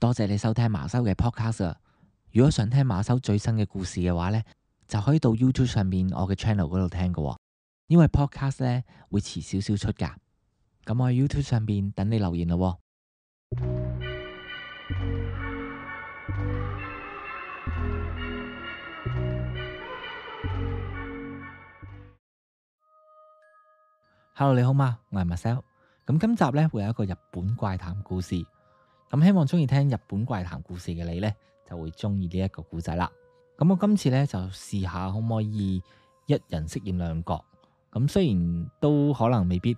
多謝你收聽馬修嘅 podcast。如果想聽馬修最新嘅故事嘅話呢，就可以到 YouTube 上面我嘅 channel 嗰度聽噶。因為 podcast 呢會遲少少出噶。咁我喺 YouTube 上面等你留言咯。Hello，你好嗎？我係 Marcel。咁今集呢會有一個日本怪談故事。咁希望中意聽日本怪談故事嘅你呢，就會中意呢一個故仔啦。咁我今次呢，就試下可唔可以一人飾演兩角。咁雖然都可能未必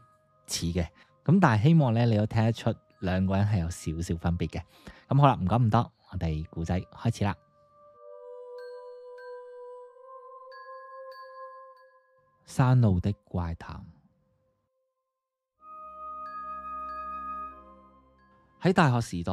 似嘅，咁但係希望呢，你都聽得出兩個人係有少少分別嘅。咁好啦，唔講咁多，我哋故仔開始啦。山路的怪談。喺大學時代，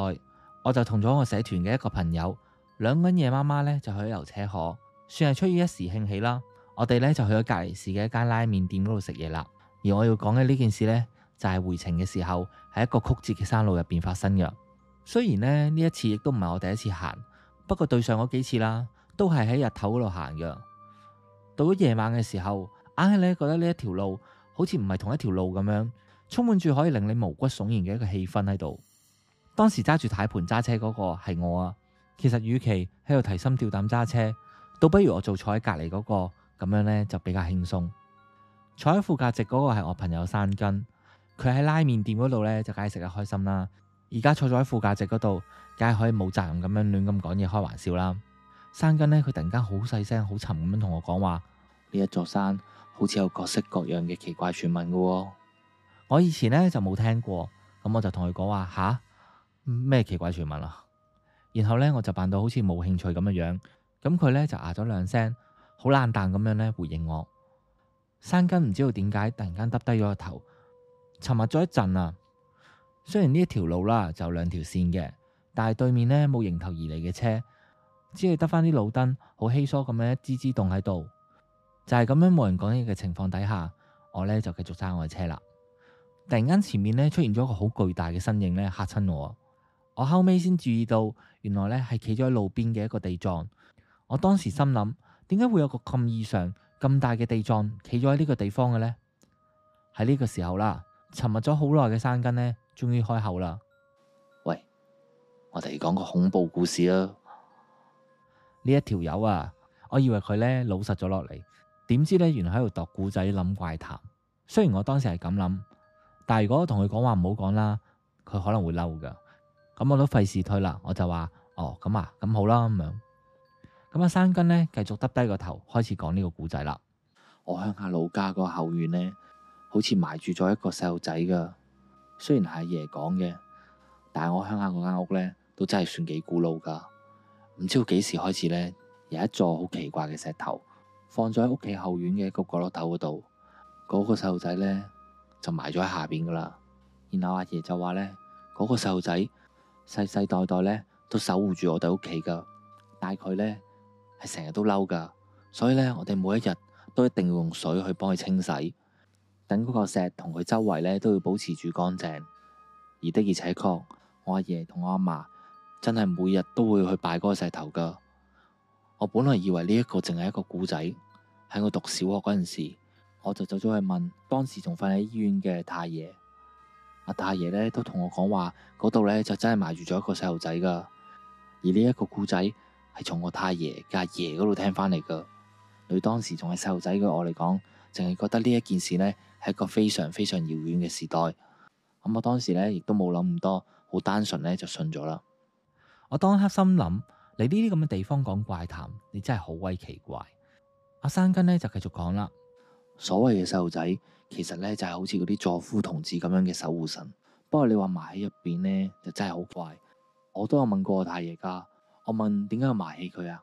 我就同咗我社團嘅一個朋友，兩個人夜媽媽咧就去咗遊車河，算係出於一時興起啦。我哋咧就去咗隔籬市嘅一間拉麵店嗰度食嘢啦。而我要講嘅呢件事呢，就係回程嘅時候喺一個曲折嘅山路入邊發生嘅。雖然呢，呢一次亦都唔係我第一次行，不過對上嗰幾次啦，都係喺日頭嗰度行嘅。到咗夜晚嘅時候，硬係咧覺得呢一條路好似唔係同一條路咁樣，充滿住可以令你毛骨悚然嘅一個氣氛喺度。當時揸住軚盤揸車嗰個係我啊。其實與其喺度提心吊膽揸車，倒不如我做坐喺隔籬嗰個咁樣呢就比較輕鬆。坐喺副駕駛嗰個係我朋友山根，佢喺拉麵店嗰度呢就梗係食得開心啦。而家坐咗喺副駕駛嗰度，梗係可以冇責任咁樣亂咁講嘢開玩笑啦。山根呢，佢突然間好細聲、好沉咁樣同我講話：呢一座山好似有各式各樣嘅奇怪傳聞噶。我以前呢就冇聽過，咁我就同佢講話吓。啊咩奇怪傳聞啊？然後呢，我就扮到好似冇興趣咁嘅樣，咁佢呢，就啊咗兩聲，好冷淡咁樣呢，回應我。山根唔知道點解突然間耷低咗個頭，沉默咗一陣啊。雖然呢一條路啦就兩條線嘅，但係對面呢，冇迎頭而嚟嘅車，只係得翻啲路燈，好稀疏咁樣一支支凍喺度。就係咁樣冇人講嘢嘅情況底下，我呢，就繼續揸我嘅車啦。突然間前面呢，出現咗一個好巨大嘅身影呢，嚇親我。我後尾先注意到，原來咧係企咗喺路邊嘅一個地藏。我當時心諗，點解會有個咁異常咁大嘅地藏企咗喺呢個地方嘅咧？喺呢個時候啦，沉默咗好耐嘅山根咧，終於開口啦。喂，我哋講個恐怖故事啦。呢一條友啊，我以為佢咧老實咗落嚟，點知咧原來喺度度古仔諗怪談。雖然我當時係咁諗，但係如果同佢講話唔好講啦，佢可能會嬲噶。咁、嗯、我都費事推啦，我就話哦咁啊，咁好啦咁樣。咁阿山根呢，繼續耷低個頭，開始講呢個故仔啦。我鄉下老家個後院呢，好似埋住咗一個細路仔噶。雖然係阿爺講嘅，但係我鄉下嗰間屋呢，都真係算幾古老噶。唔知幾時開始呢，有一座好奇怪嘅石頭，放咗喺屋企後院嘅一個角落頭嗰度。嗰、嗰個細路仔呢，就埋咗喺下邊噶啦。然後阿爺、爺就話呢，嗰、嗰個細路仔。世世代代咧，都守護住我哋屋企噶，但係佢咧係成日都嬲噶，所以咧我哋每一日都一定要用水去幫佢清洗，等嗰個石同佢周圍咧都要保持住乾淨。而的而且確，我阿爺同我阿嫲真係每日都會去拜嗰個石頭噶。我本來以為呢一個淨係一個故仔，喺我讀小學嗰陣時，我就走咗去問當時仲瞓喺醫院嘅太爺。阿太爺呢都同我講話，嗰度呢就真係埋住咗一個細路仔噶，而呢一個故仔係從我太爺嘅阿爺嗰度聽翻嚟噶。佢當時仲係細路仔嘅我嚟講，淨係覺得呢一件事呢係一個非常非常遙遠嘅時代。咁、嗯、我當時呢亦都冇諗咁多，好單純呢就信咗啦。我當刻心諗，你呢啲咁嘅地方講怪談，你真係好鬼奇怪。阿、啊、生根呢就繼續講啦。所謂嘅細路仔，其實咧就係好似嗰啲座夫同志咁樣嘅守護神。不過你話埋喺入邊咧，就真係好怪。我都有問過我太爺噶，我問點解要埋起佢啊？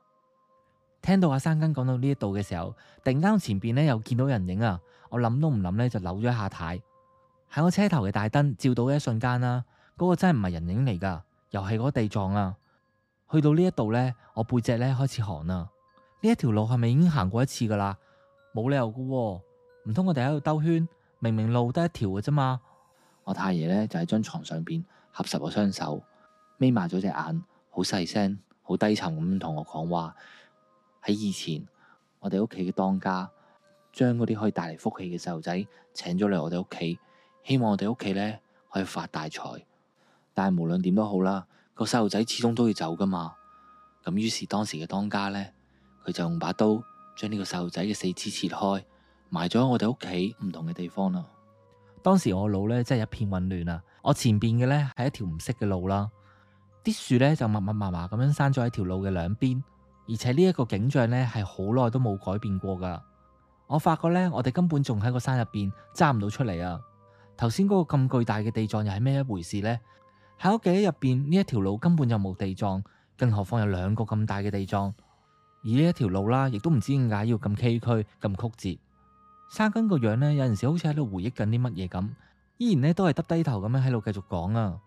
聽到阿山根講到呢一度嘅時候，突然間前邊咧又見到人影啊！我諗都唔諗咧就扭咗一下軚，喺我車頭嘅大燈照到嘅一瞬間啦，嗰、嗰個真係唔係人影嚟噶，又係嗰個地藏啊！去到呢一度咧，我背脊咧開始寒啦。呢一條路係咪已經行過一次噶啦？冇理由噶，唔通我哋喺度兜圈？明明路得一條嘅啫嘛。我太爺咧就喺張床上邊合十個雙手，眯埋咗隻眼，好細聲、好低沉咁同我講話：喺以前，我哋屋企嘅當家將嗰啲可以帶嚟福氣嘅細路仔請咗嚟我哋屋企，希望我哋屋企咧可以發大財。但係無論點都好啦，個細路仔始終都要走噶嘛。咁於是當時嘅當家咧，佢就用把刀。將呢個細路仔嘅四肢切開，埋咗我哋屋企唔同嘅地方啦。當時我腦咧真係一片混亂啊！我前邊嘅咧係一條唔識嘅路啦，啲樹咧就密密麻麻咁樣生咗喺條路嘅兩邊，而且呢一個景象咧係好耐都冇改變過噶。我發覺咧，我哋根本仲喺個山入邊，揸唔到出嚟啊！頭先嗰個咁巨大嘅地藏又係咩一回事呢？喺屋企入邊呢一條路根本就冇地藏，更何況有兩個咁大嘅地藏。而呢一條路啦，亦都唔知點解要咁崎嶇、咁曲折。生根個樣咧，有陣時好似喺度回憶緊啲乜嘢咁，依然咧都係耷低頭咁樣喺度繼續講啊。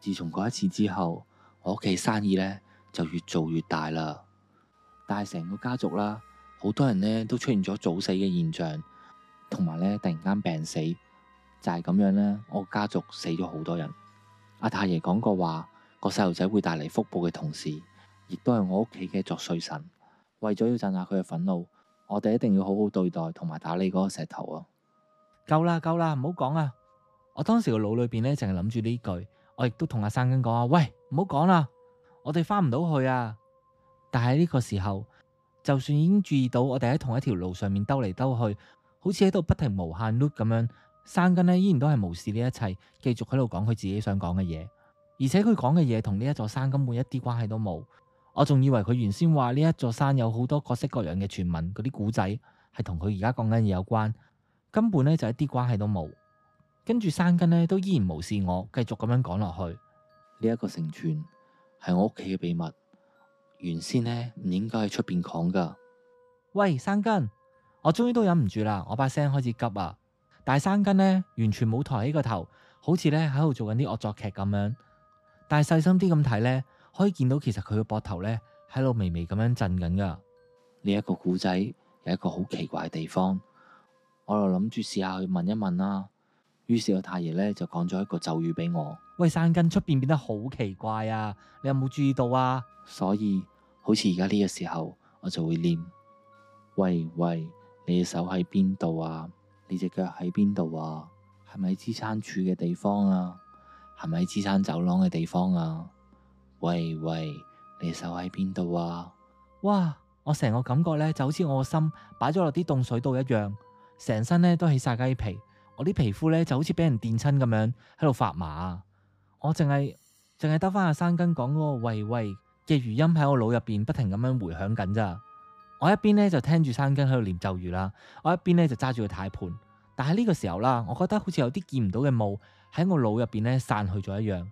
自從嗰一次之後，我屋企生意咧就越做越大啦。但係成個家族啦，好多人咧都出現咗早死嘅現象，同埋咧突然間病死，就係咁樣咧，我家族死咗好多人。阿太爺講過話，個細路仔會帶嚟福報嘅同時，亦都係我屋企嘅作祟神。為咗要鎮壓佢嘅憤怒，我哋一定要好好對待同埋打理嗰個石頭啊！夠啦，夠啦，唔好講啊！我當時個腦裏邊咧，淨係諗住呢句，我亦都同阿生根講啊，喂，唔好講啦，我哋翻唔到去啊！但係呢個時候，就算已經注意到我哋喺同一條路上面兜嚟兜去，好似喺度不停無限碌咁樣，生根咧依然都係無視呢一切，繼續喺度講佢自己想講嘅嘢，而且佢講嘅嘢同呢一座山根本一啲關係都冇。我仲以為佢原先話呢一座山有好多各式各樣嘅傳聞，嗰啲古仔係同佢而家講緊嘢有關，根本咧就一啲關係都冇。跟住山根咧都依然無視我，繼續咁樣講落去。呢一個成傳係我屋企嘅秘密，原先咧唔應該喺出邊講噶。喂，山根，我終於都忍唔住啦，我把聲開始急啊！但係山根咧完全冇抬起個頭，好似咧喺度做緊啲惡作劇咁樣。但係細心啲咁睇咧。可以見到其實佢個膊頭咧喺度微微咁樣震緊噶。呢一個古仔有一個好奇怪嘅地方，我就諗住試下去問一問啦。於是我太爺咧就講咗一個咒語俾我。喂，山根出邊變得好奇怪啊！你有冇注意到啊？所以好似而家呢個時候，我就會念：喂喂，你隻手喺邊度啊？你隻腳喺邊度啊？係咪喺支撐柱嘅地方啊？係咪喺支撐走廊嘅地方啊？喂喂，你手喺邊度啊？哇，我成個感覺咧，就好似我個心擺咗落啲凍水度一樣，成身咧都起晒雞皮，我啲皮膚咧就好似俾人電親咁樣喺度發麻。我淨係淨係得翻阿生根講嗰個喂喂嘅餘音喺我腦入邊不停咁樣回響緊咋。我一邊咧就聽住生根喺度念咒語啦，我一邊咧就揸住個軚盤。但係呢個時候啦，我覺得好似有啲見唔到嘅霧喺我腦入邊咧散去咗一樣。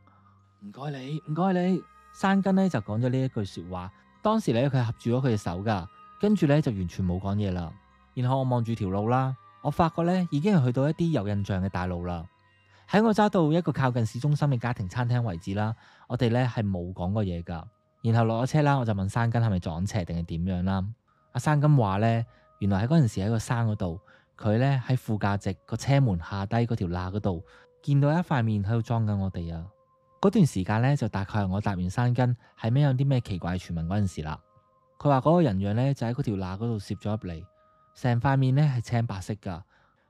唔該你，唔該你。山根咧就講咗呢一句說話，當時咧佢合住咗佢嘅手噶，跟住咧就完全冇講嘢啦。然後我望住條路啦，我發覺咧已經係去到一啲有印象嘅大路啦。喺我揸到一個靠近市中心嘅家庭餐廳為止啦，我哋咧係冇講過嘢噶。然後落咗車啦，我就問山根係咪撞邪定係點樣啦？阿、啊、山根話咧，原來喺嗰陣時喺個山嗰度，佢咧喺副駕駛個車門下低嗰條罅，嗰度見到一塊面喺度裝緊我哋啊。嗰段時間咧，就大概係我搭完山根，係咩有啲咩奇怪嘅傳聞嗰陣時啦。佢話嗰個人樣咧就喺嗰條罅嗰度攝咗入嚟，成塊面咧係青白色噶，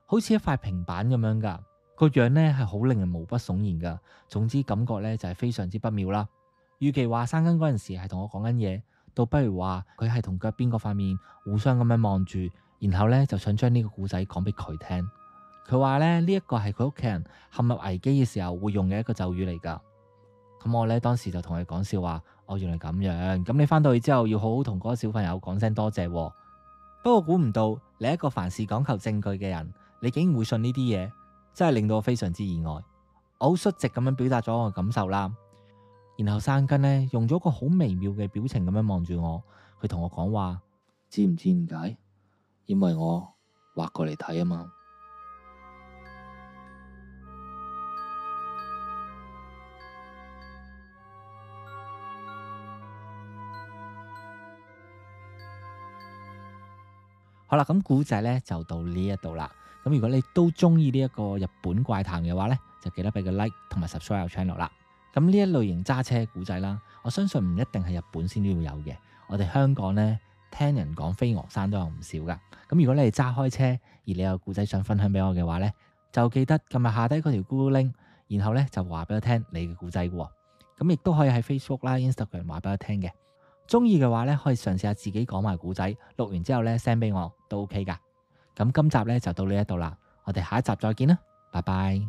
好似一塊平板咁樣噶。個樣咧係好令人毛骨悚然噶。總之感覺咧就係、是、非常之不妙啦。與其話山根嗰陣時係同我講緊嘢，倒不如話佢係同腳邊嗰塊面互相咁樣望住，然後咧就想將呢個故仔講俾佢聽。佢話咧呢一個係佢屋企人陷入危機嘅時候會用嘅一個咒語嚟噶。咁我咧當時就同佢講笑話，哦，原來咁樣，咁你翻到去之後要好好同嗰個小朋友講聲多謝，謝哦。不過估唔到你一個凡事講求證據嘅人，你竟然會信呢啲嘢，真係令到我非常之意外。我好率直咁樣表達咗我嘅感受啦。然後生根呢，用咗個好微妙嘅表情咁樣望住我，佢同我講話，知唔知點解？因為我畫過嚟睇啊嘛。好啦，咁古仔咧就到呢一度啦。咁如果你都中意呢一個日本怪談嘅話咧，就記得俾個 like 同埋 subscribe channel 啦。咁呢一類型揸車古仔啦，我相信唔一定係日本先都要有嘅。我哋香港咧聽人講飛鵝山都有唔少噶。咁如果你係揸開車而你有古仔想分享俾我嘅話咧，就記得撳下低嗰條 Google Link，然後咧就話俾我聽你嘅古仔喎。咁亦都可以喺 Facebook 啦、Instagram 話俾我聽嘅。鍾意嘅話呢，可以嘗試下自己講埋故仔，錄完之後呢 send 俾我都 OK 㗎。咁今集呢就到呢一度啦，我哋下一集再見啦，拜拜。